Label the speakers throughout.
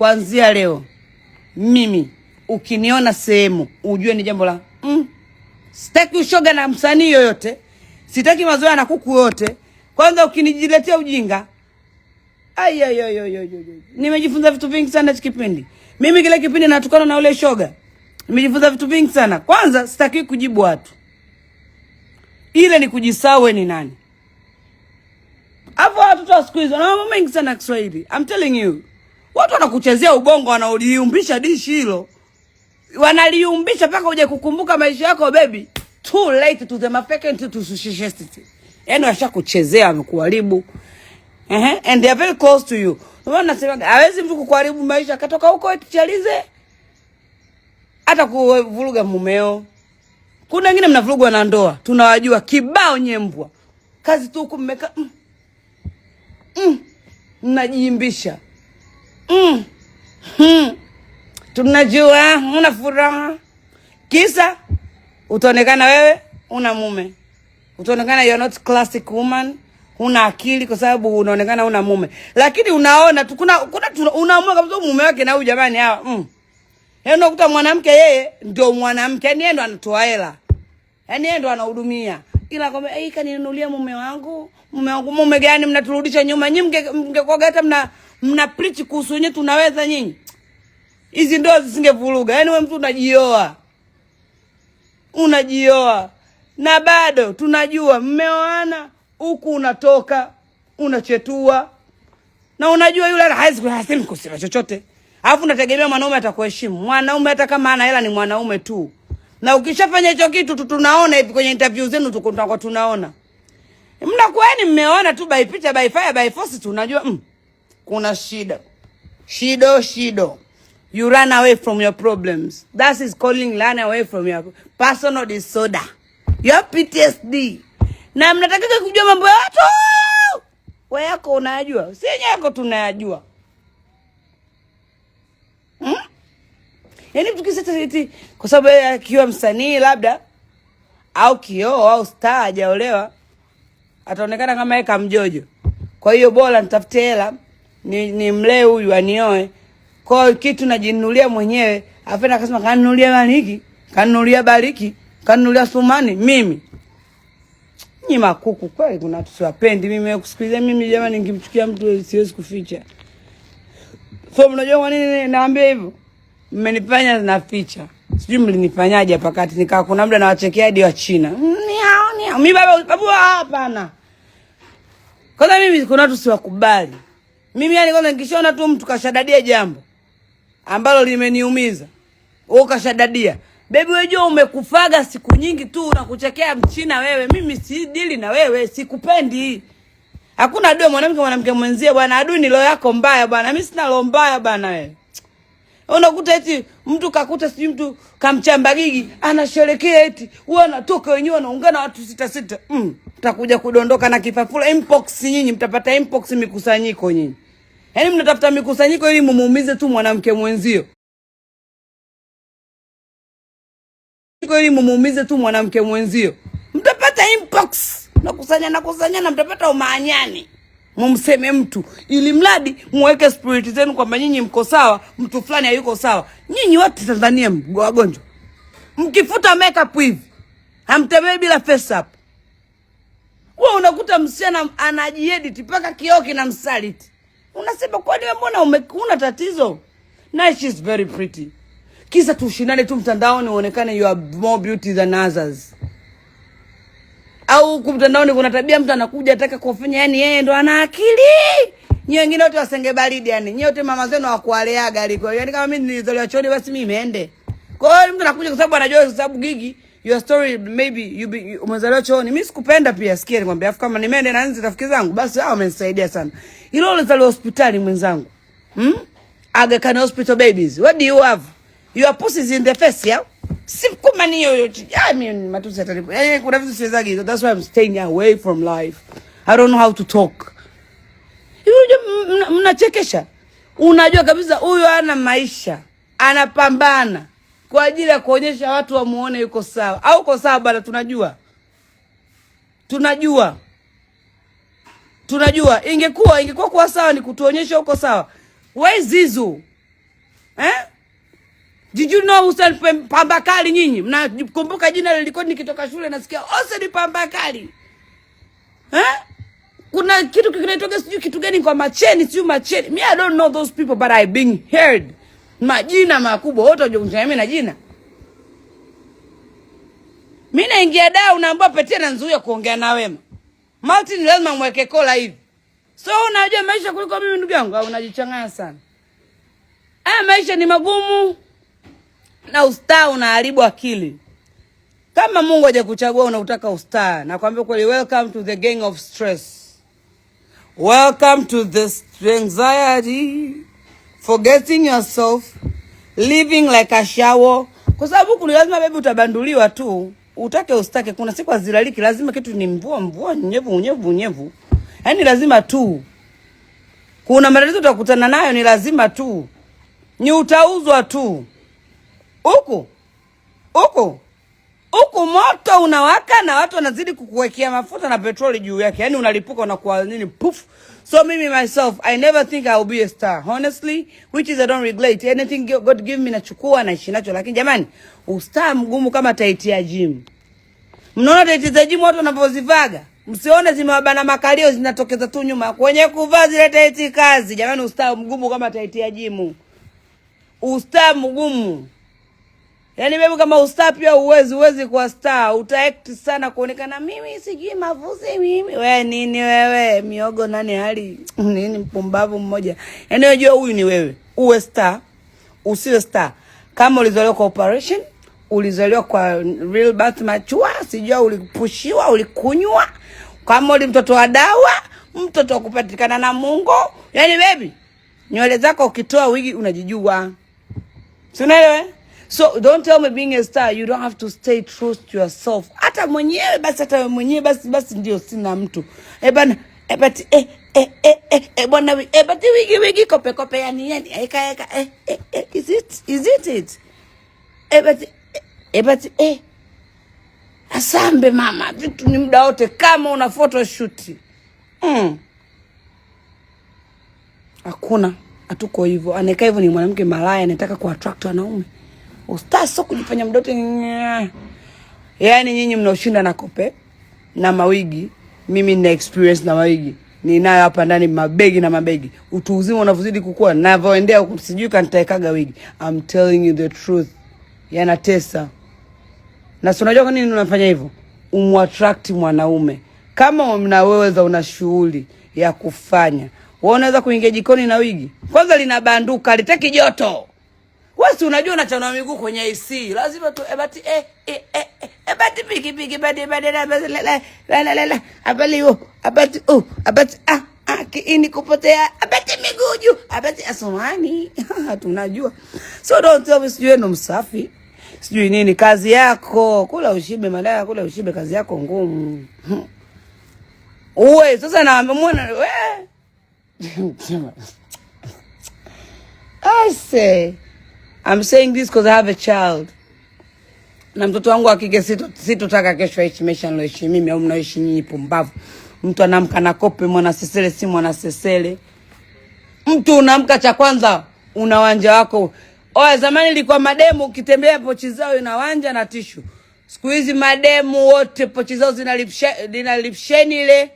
Speaker 1: kuanzia leo mimi ukiniona sehemu ujue ni jambo la mm. Sitaki ushoga na msanii yoyote, sitaki mazoea na kuku yoyote. Kwanza ukinijiletea ujinga nimejifunza vitu vingi sana hichi kipindi. Mimi kile kipindi natukana na ule shoga, nimejifunza vitu vingi sana. Kwanza sitaki kujibu watu, ile ni kujisawe ni nani hapo. Watoto wa siku hizi wana mambo mengi sana ya Kiswahili. I'm telling you Watu wanakuchezea ubongo, wanaoliumbisha dishi hilo, wanaliumbisha mpaka uje kukumbuka maisha yako baby. Too late to the mafekent to society. Yaani washakuchezea, wamekuharibu. Uh-huh. And they are very close to you. Unaona nasema hawezi mtu kukuharibu maisha katoka huko etichalize. Hata kuvuruga mumeo. Kuna wengine mnavurugwa na ndoa. Tunawajua kibao nyembwa. Kazi tu huku mmeka. Mm. Mm. Mnajiimbisha mm. Mm. Tunajua una furaha, kisa utaonekana wewe una mume, utaonekana you are not classic woman, una akili kwa sababu unaonekana una mume, lakini unaona tu kuna kuna unaamua kama mume wake na huyu jamani hawa mm. Yeye yaani unakuta mwanamke yeye ndio mwanamke, yani yeye ndo anatoa hela, yani yeye ndo anahudumia ila kwamba hey, kaninunulia mume wangu, mume wangu, mume gani? Mnaturudisha nyuma nyinyi, mngekwaga hata mna mna preach kuhusu wenyewe tunaweza nyinyi. Hizi ndoa zisingevuruga. Yaani wewe mtu unajioa. Unajioa. Na bado tunajua mmeoana huku unatoka unachetua. Na unajua yule hawezi kusema kusema chochote. Alafu unategemea mwanaume atakuheshimu. Mwanaume hata kama ana hela ni mwanaume tu. Na ukishafanya hicho kitu tunaona hivi kwenye interview zenu tuko tunaona. Mnakuwa ni yaani mmeona tu by picha by fire by force tunajua mm kuna shida shido shido. You run away from your problems. That is calling run away from your personal disorder. Your PTSD. Na mnataka kujua mambo ya watu. Wewe yako unayajua, si yako tunayajua. Hmm? Yaani kisa eti kwa sababu yeye akiwa msanii labda au kioo au star hajaolewa ataonekana kama yeye kamjojo. Kwa hiyo bora nitafutie hela ni, ni mlee huyu anioe. Kwa hiyo kitu najinunulia mwenyewe, afenda akasema kanunulia bariki, kaninunulia bariki, kaninunulia sumani mimi. Ni makuku kweli, kuna watu siwapendi mimi kusikiliza mimi jamani, nikimchukia mtu siwezi kuficha. So mnajua kwa nini naambia hivyo? Mmenifanya naficha. Sijui mlinifanyaje hapa kati nikaa kuna muda nawachekea hadi wa China. Niao niao. Mimi baba babu hapana. Kwanza mimi kuna watu siwakubali. Mimi yani kwanza nikishona tu mtu kashadadia jambo ambalo limeniumiza. Wewe kashadadia. Baby wewe jua umekufaga siku nyingi tu unakuchekea mchina wewe. Mimi si dili na wewe, sikupendi. Hakuna adui mwanamke mwanamke mwenzie bwana, adui ni roho yako mbaya bwana. Mimi sina roho mbaya bwana wewe. Unakuta eti mtu kakuta sijui mtu kamchamba gigi anasherekea eti wewe, unatoka wenyewe unaungana watu sita sita. Mm tutakuja kudondoka na kifafula mpox. Nyinyi mtapata mpox mikusanyiko nyinyi, yaani mnatafuta mikusanyiko ili mumuumize tu mwanamke mwenzio, ili mumuumize tu mwanamke mwenzio, mtapata mpox. Nakusanya nakusanya na mtapata umaanyani, mumseme mtu, ili mradi muweke spirit zenu kwamba nyinyi mko sawa, mtu fulani hayuko sawa. Nyinyi wote Tanzania wagonjwa, mkifuta makeup hivi hamtembei bila face up wewe unakuta msichana anajiedit mpaka kioo kinamsaliti, unasema kwani wewe, mbona una tatizo? Na she is very pretty, kisa tushindane tu mtandaoni, uonekane you are more beauty than others. Au huku mtandaoni kuna tabia mtu anakuja ataka kufanya, yani yeye ndo ana akili, Nyi wengine wote wasenge baridi, yani Nyi wote mama zenu wakualeaga aliko, Yaani kama mimi nilizolewa choni, basi mimi niende. Kwa hiyo mtu anakuja kwa sababu anajua, kwa sababu Gigi your story maybe you be umezaliwa chooni. Mimi sikupenda pia, sikia nikwambia, afu kama nimeenda na nzi rafiki zangu, basi hao wamenisaidia sana. Ilo ulizaliwa hospitali mwenzangu, hmm? Aga Khan hospital babies, what do you have? Your pussy is in the face, yeah? Sikumani yoyote. I ah, mean, matusi atanipo. Eh, kuna vitu siwezagi. That's why I'm staying away from life. I don't know how to talk. Hiyo mnachekesha. Unajua kabisa huyo ana maisha. Anapambana kwa ajili ya kuonyesha watu wamuone yuko sawa au uko sawa bana. Tunajua, tunajua, tunajua. Ingekuwa ingekuwa kuwa sawa ni kutuonyesha uko sawa. Wewe Zizu eh? Did you know Hussein kali? Nyinyi mnakumbuka jina lilikuwa, nikitoka shule nasikia Hussein kali eh? Kuna kitu kinaitoka sijui kitu gani kwa macheni, sijui macheni. Me I don't know those people but I being heard majina makubwa, wote waje mimi na jina. Mimi naingia dau, naambia Pete ya kuongea na Wema. Martin lazima mweke kola hivi. So unajua maisha kuliko mimi ndugu yangu, au unajichanganya sana. Ah, maisha ni magumu na ustaa unaharibu akili. Kama Mungu hajakuchagua unautaka ustaa, nakwambia kweli, welcome to the gang of stress. Welcome to the anxiety forgetting yourself, living like a shower. kwa sababu kuna lazima bebi utabanduliwa tu, utake ustake. Kuna siku azilaliki, lazima kitu ni mvua mvua, nyevu nyevu nyevu yaani lazima tu. Kuna matatizo utakutana nayo, ni lazima tu, ni utauzwa tu huku huku huku moto unawaka na watu wanazidi kukuwekea mafuta na petroli juu yake, yani unalipuka unakuwa nini puf. So mimi myself I never think I will be a star honestly, which is I don't regret anything God give me, nachukua na ishi nacho. Lakini jamani, ustar mgumu kama taiti ya gym. Mnaona taiti za gym watu wanavyozivaga, msione zimewabana makalio, zinatokeza tu nyuma kwenye kuvaa zile taiti. Kazi jamani, ustar mgumu kama taiti ya gym, ustar mgumu Yaani mimi kama ustaa pia uwezi uwezi kuwa star, utaact sana kuonekana mimi sijui mavuzi mimi. Wewe nini wewe? Miogo nani hali nini mpumbavu mmoja. Yaani unajua huyu ni wewe. Uwe star, usiwe star. Kama ulizaliwa kwa operation, ulizaliwa kwa real birth machua, sijua ulipushiwa, ulikunywa. Kama uli mtoto wa dawa, mtoto wa kupatikana na Mungu. Yaani baby, nywele zako ukitoa wigi unajijua. Sinaelewa? Eh? So don't tell me being a star you don't have to stay true to yourself. Hata mwenyewe basi, hata mwenyewe basi basi, ndio sina mtu eh bana eh but eh eh eh eh, eh bwana eh but wigi wigi kope kope, yani yani eka eka eh, eh eh is it is it it eh but eh, eh but eh asambe mama, vitu ni muda wote, kama una photoshoot mm, hakuna hatuko hivyo. Anaeka hivyo ni mwanamke malaya, anataka kuattract wanaume. Ustaso kujifanya mdote. Yaani nyinyi mnaoshinda na kope na mawigi, mimi nina experience na mawigi ninayo hapa ndani, mabegi na mabegi. Utu uzima unavyozidi kukua, navyoendea huku, sijui kanitaekaga wigi. I'm telling you the truth, yanatesa. Na si unajua kwa nini unafanya hivyo? Umwattract mwanaume. Kama mna weweza, una shughuli ya kufanya, wewe unaweza kuingia jikoni na wigi, kwanza linabanduka, litaki joto wewe si unajua unachana miguu kwenye AC. Lazima tu ebati eh, e eh, e eh, e ebati piki piki badi badi na basi la la la la abali yo abati o abati ah ah kiini kupotea abati miguu juu abati asomani ah, tunajua. So don't tell me sijui ndo msafi. Sijui nini kazi yako. Kula ushibe malaya kula ushibe kazi yako ngumu. Uwe sasa na muona wewe. I say I'm saying this because I have a child na mtoto wangu wa kike, sitotaka kesho aishi maisha niloishi mimi au mnaishi nyinyi. Pumbavu! Mtu anaamka na kope, mwana sesele si mwana sesele. Mtu unaamka cha kwanza una wanja wako. Oya, oh, zamani ilikuwa mademu ukitembea pochi zao ina wanja na tishu. Siku hizi mademu wote pochi zao zina lipsheni ile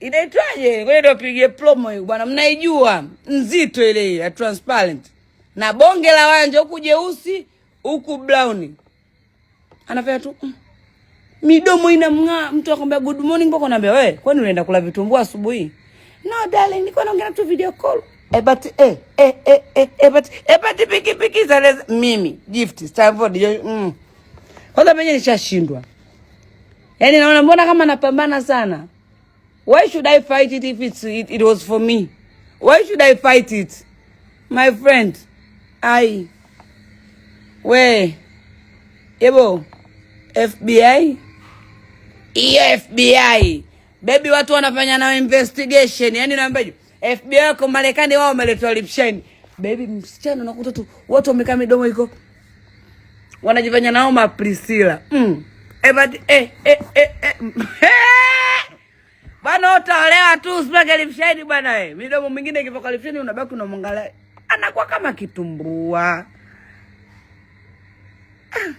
Speaker 1: inaitwaje? Wewe ndio pigie promo hiyo bwana, mnaijua nzito ile ile transparent na bonge la wanja, huku jeusi huku brown, anafanya tu mm. midomo inamng'aa. Mtu akwambia good morning mpaka anambia wewe, kwani unaenda kula vitumbua asubuhi? No darling, niko naongea tu video call. Eh, but eh eh eh eh, eh but eh, but piki piki zale mimi gift Stanford yo mm. Kwanza mwenyewe nishashindwa. Yaani naona mbona kama napambana sana. Why should I fight it if it's, it, it was for me? Why should I fight it? My friend, ai we ebo FBI hiyo e FBI bebi, watu wanafanya na investigation. Yani naambiaje, FBI wako Marekani, wao wameletwa lipsheni bebi. Msichana unakuta tu watu wamekaa midomo iko wanajifanya nao maprisila mm. E, but, eh, eh, eh, eh. Mm. eh! bana, utaolewa tu usipake lipsheni bwana, we midomo mingine ikivoka lipsheni unabaki unamwangalia anakuwa kama kitumbua. Ah.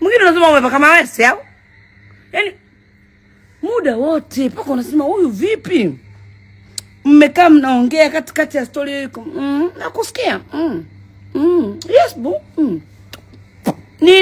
Speaker 1: Mwingine unasema umepaka mawese au yaani, muda wote mpaka unasema huyu vipi? Mmekaa mnaongea katikati ya stori iko mm, nakusikia mm, mm, yes bu mm.